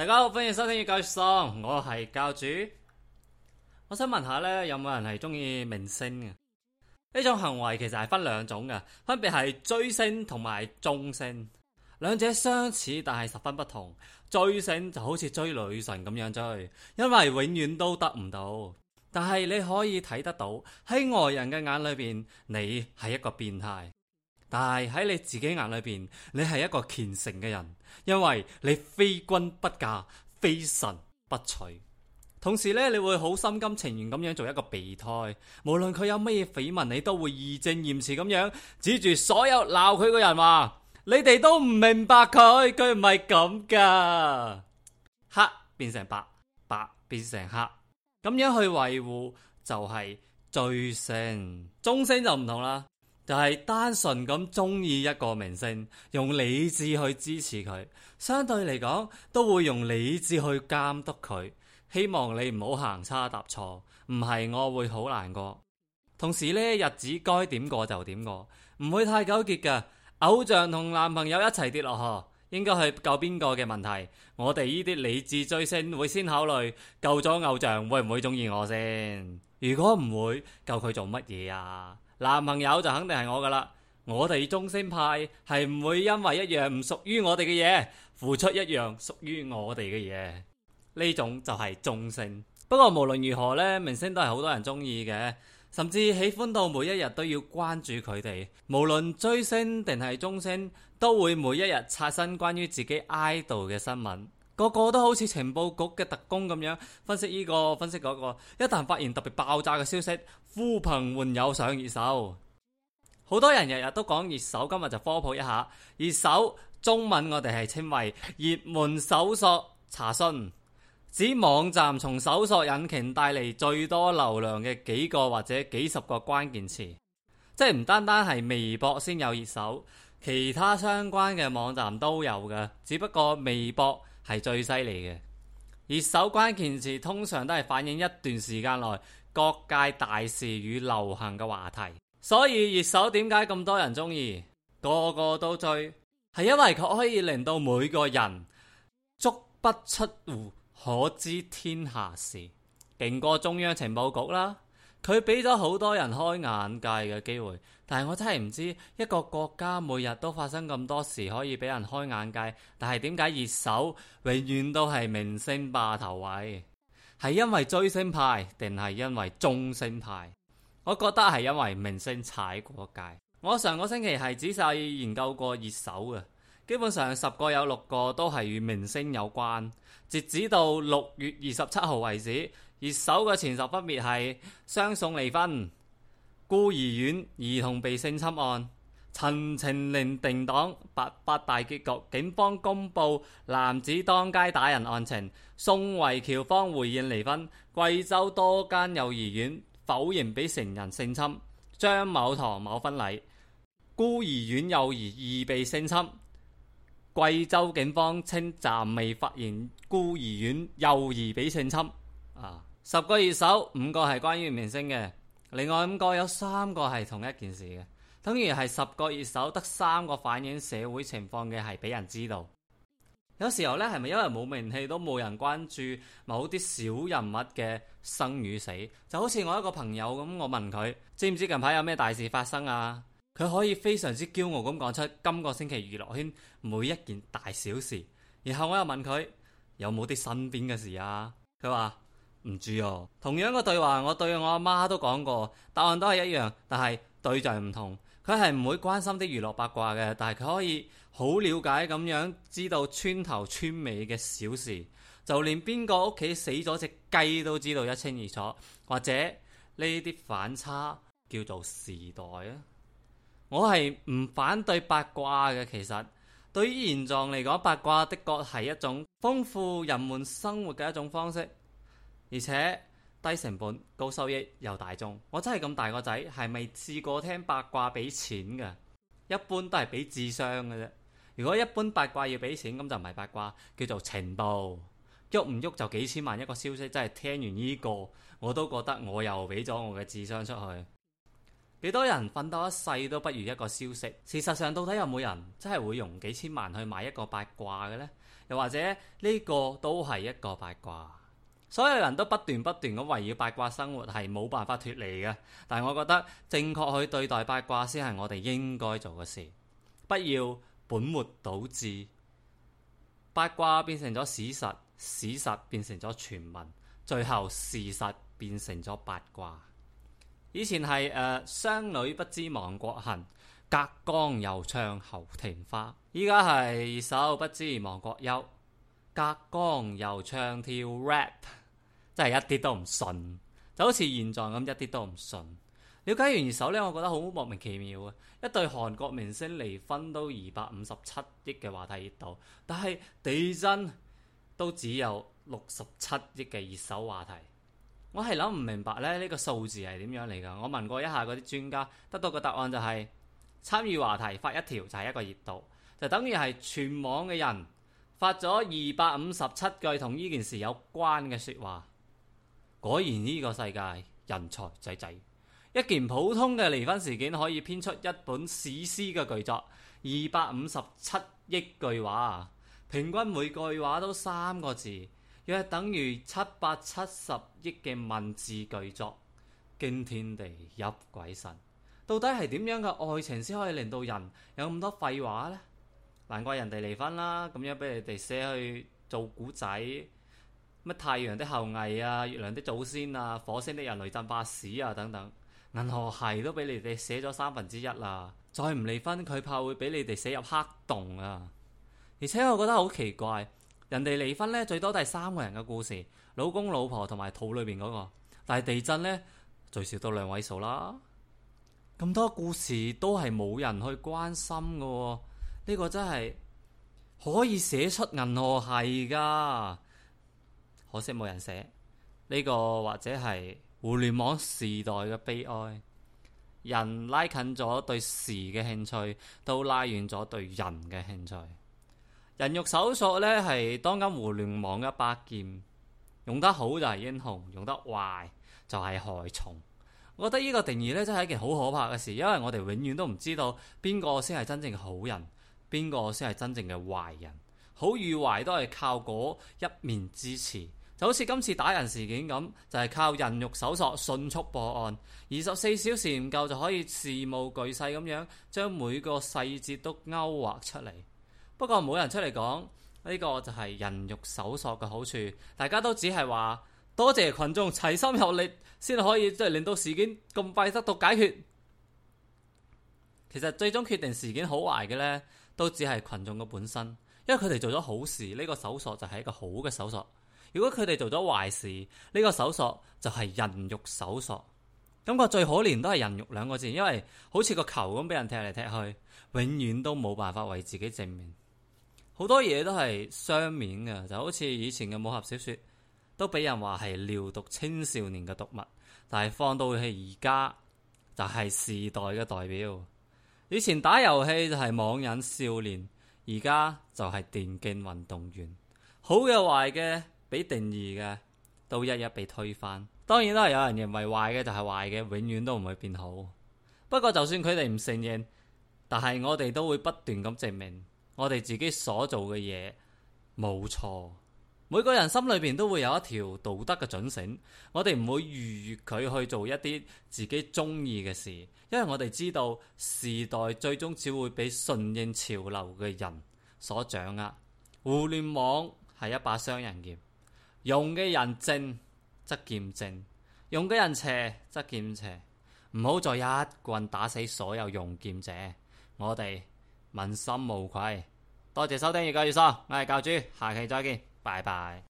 大家好，歡迎收聽教主送，我係教主。我想問下咧，有冇人係中意明星嘅？呢種行為其實係分兩種嘅，分別係追星同埋中星，兩者相似但係十分不同。追星就好似追女神咁樣追，因為永遠都得唔到，但係你可以睇得到，喺外人嘅眼裏邊，你係一個變態。但係喺你自己眼裏邊，你係一個虔誠嘅人，因為你非君不嫁，非神不娶。同時咧，你會好心甘情願咁樣做一個備胎，無論佢有咩嘢緋聞，你都會義正言辭咁樣指住所有鬧佢嘅人話：你哋都唔明白佢，佢唔係咁噶。黑變成白，白變成黑，咁樣去維護就係追星。中星就唔同啦。就係單純咁中意一個明星，用理智去支持佢，相對嚟講都會用理智去監督佢，希望你唔好行差踏錯，唔係我會好難過。同時呢，日子該點過就點過，唔會太糾結噶。偶像同男朋友一齊跌落河，應該係救邊個嘅問題？我哋呢啲理智追星會先考慮救咗偶像會唔會中意我先，如果唔會，救佢做乜嘢啊？男朋友就肯定係我噶啦，我哋中星派係唔會因為一樣唔屬於我哋嘅嘢，付出一樣屬於我哋嘅嘢，呢種就係中星。不過無論如何呢，明星都係好多人中意嘅，甚至喜歡到每一日都要關注佢哋，無論追星定係中星，都會每一日刷新關於自己 idol 嘅新聞。個個都好似情報局嘅特工咁樣，分析呢個分析嗰個，一旦發現特別爆炸嘅消息，呼朋喚友上熱搜。好多人日日都講熱搜，今日就科普一下熱搜。中文我哋係稱為熱門搜索查詢，指網站從搜索引擎帶嚟最多流量嘅幾個或者幾十個關鍵詞，即係唔單單係微博先有熱搜，其他相關嘅網站都有嘅，只不過微博。係最犀利嘅。熱搜關鍵詞通常都係反映一段時間內各界大事與流行嘅話題，所以熱搜點解咁多人中意，個個都追，係因為佢可以令到每個人足不出戶可知天下事，勁過中央情報局啦。佢俾咗好多人開眼界嘅機會，但係我真係唔知一個國家每日都發生咁多事可以俾人開眼界，但係點解熱搜永遠都係明星霸頭位？係因為追星派定係因為中星派？我覺得係因為明星踩過界。我上個星期係仔細研究過熱搜嘅，基本上十個有六個都係與明星有關。截止到六月二十七號為止。熱搜嘅前十分別係：雙宋離婚、孤兒院兒童被性侵案、陳情令定檔八八大結局、警方公布男子當街打人案情、宋慧喬方回應離婚、貴州多間幼兒園否認俾成人性侵、張某堂某婚禮、孤兒院幼兒疑被性侵、貴州警方稱暫未發現孤兒院幼兒俾性侵啊。十個熱搜，五個係關於明星嘅，另外五個有三個係同一件事嘅，等於係十個熱搜得三個反映社會情況嘅，係俾人知道。 有時候呢，係咪因為冇名氣都冇人關注某啲小人物嘅生與死？就好似我一個朋友咁，我問佢知唔知近排有咩大事發生啊？佢可以非常之驕傲咁講出今個星期娛樂圈每一件大小事，然後我又問佢有冇啲身邊嘅事啊？佢話。唔知哦，同樣個對話，我對我阿媽，媽都講過，答案都係一樣，但係對象唔同。佢係唔會關心啲娛樂八卦嘅，但係佢可以好了解咁樣知道村頭村尾嘅小事，就連邊個屋企死咗隻雞都知道一清二楚，或者呢啲反差叫做時代啊。我係唔反對八卦嘅，其實對於現狀嚟講，八卦的確係一種豐富人們生活嘅一種方式。而且低成本高收益又大眾，我真係咁大個仔，係咪試過聽八卦俾錢噶？一般都係俾智商噶啫。如果一般八卦要俾錢，咁就唔係八卦，叫做情報。喐唔喐就幾千萬一個消息，真係聽完呢個，我都覺得我又俾咗我嘅智商出去。幾多人奮鬥一世都不如一個消息？事實上，到底有冇人真係會用幾千萬去買一個八卦嘅呢？又或者呢個都係一個八卦？所有人都不斷不斷咁圍繞八卦生活係冇辦法脫離嘅，但係我覺得正確去對待八卦先係我哋應該做嘅事，不要本末倒置，八卦變成咗史實，史實變成咗傳聞，最後事實變成咗八卦。以前係誒，uh, 商女不知亡國恨，隔江猶唱後庭花。依家係首不知亡國憂，隔江猶唱跳 rap。真係一啲都唔信，就好似現狀咁一啲都唔信。了解完熱搜呢，我覺得好莫名其妙啊！一對韓國明星離婚都二百五十七億嘅話題熱度，但係地震都只有六十七億嘅熱搜話題，我係諗唔明白咧，呢個數字係點樣嚟噶？我問過一下嗰啲專家，得到個答案就係參與話題發一條就係一個熱度，就等於係全網嘅人發咗二百五十七句同呢件事有關嘅說話。果然呢個世界人才濟濟，一件普通嘅離婚事件可以編出一本史詩嘅巨作，二百五十七億句話平均每句話都三個字，約等於七百七十億嘅文字巨作，驚天地泣鬼神。到底係點樣嘅愛情先可以令到人有咁多廢話呢？難怪人哋離婚啦，咁樣俾你哋寫去做古仔。乜太陽的後裔啊，月亮的祖先啊，火星的人類進化史啊，等等，銀河系都俾你哋寫咗三分之一啦。再唔離婚，佢怕會俾你哋寫入黑洞啊。而且我覺得好奇怪，人哋離婚呢，最多都係三個人嘅故事，老公、老婆同埋肚裏面嗰個。但係地震呢，最少都兩位數啦。咁多故事都係冇人去關心嘅。哦，呢個真係可以寫出銀河系噶。可惜冇人寫呢、這個或者係互聯網時代嘅悲哀。人拉近咗對事嘅興趣，都拉遠咗對人嘅興趣。人肉搜索呢，係當今互聯網一把劍，用得好就係英雄，用得壞就係害蟲。我覺得呢個定義呢，真係一件好可怕嘅事，因為我哋永遠都唔知道邊個先係真正嘅好人，邊個先係真正嘅壞人。好與壞都係靠嗰一面之詞。就好似今次打人事件咁，就係、是、靠人肉搜索迅速破案，二十四小時唔夠就可以事無巨細咁樣將每個細節都勾畫出嚟。不過冇人出嚟講呢個就係人肉搜索嘅好處，大家都只係話多謝群眾齊心合力先可以即係令到事件咁快得到解決。其實最終決定事件好壞嘅呢，都只係群眾嘅本身，因為佢哋做咗好事，呢、這個搜索就係一個好嘅搜索。如果佢哋做咗壞事，呢個搜索就係人肉搜索。感覺最可憐都係人肉兩個字，因為好似個球咁俾人踢嚟踢去，永遠都冇辦法為自己證明。好多嘢都係雙面嘅，就好似以前嘅武俠小說都俾人話係撩毒青少年嘅讀物，但係放到係而家就係時代嘅代表。以前打遊戲就係網癮少年，而家就係電競運動員。好嘅壞嘅。壞俾定義嘅都一一被推翻，當然都係有人認為壞嘅就係壞嘅，永遠都唔會變好。不過就算佢哋唔承認，但係我哋都會不斷咁證明我哋自己所做嘅嘢冇錯。每個人心裏邊都會有一條道德嘅準繩，我哋唔會逾越佢去做一啲自己鍾意嘅事，因為我哋知道時代最終只會俾順應潮流嘅人所掌握。互聯網係一把雙刃劍。用嘅人正，則劍正；用嘅人邪，則劍邪。唔好再一棍打死所有用劍者，我哋問心無愧。多謝收聽越教越授，我係教主，下期再見，拜拜。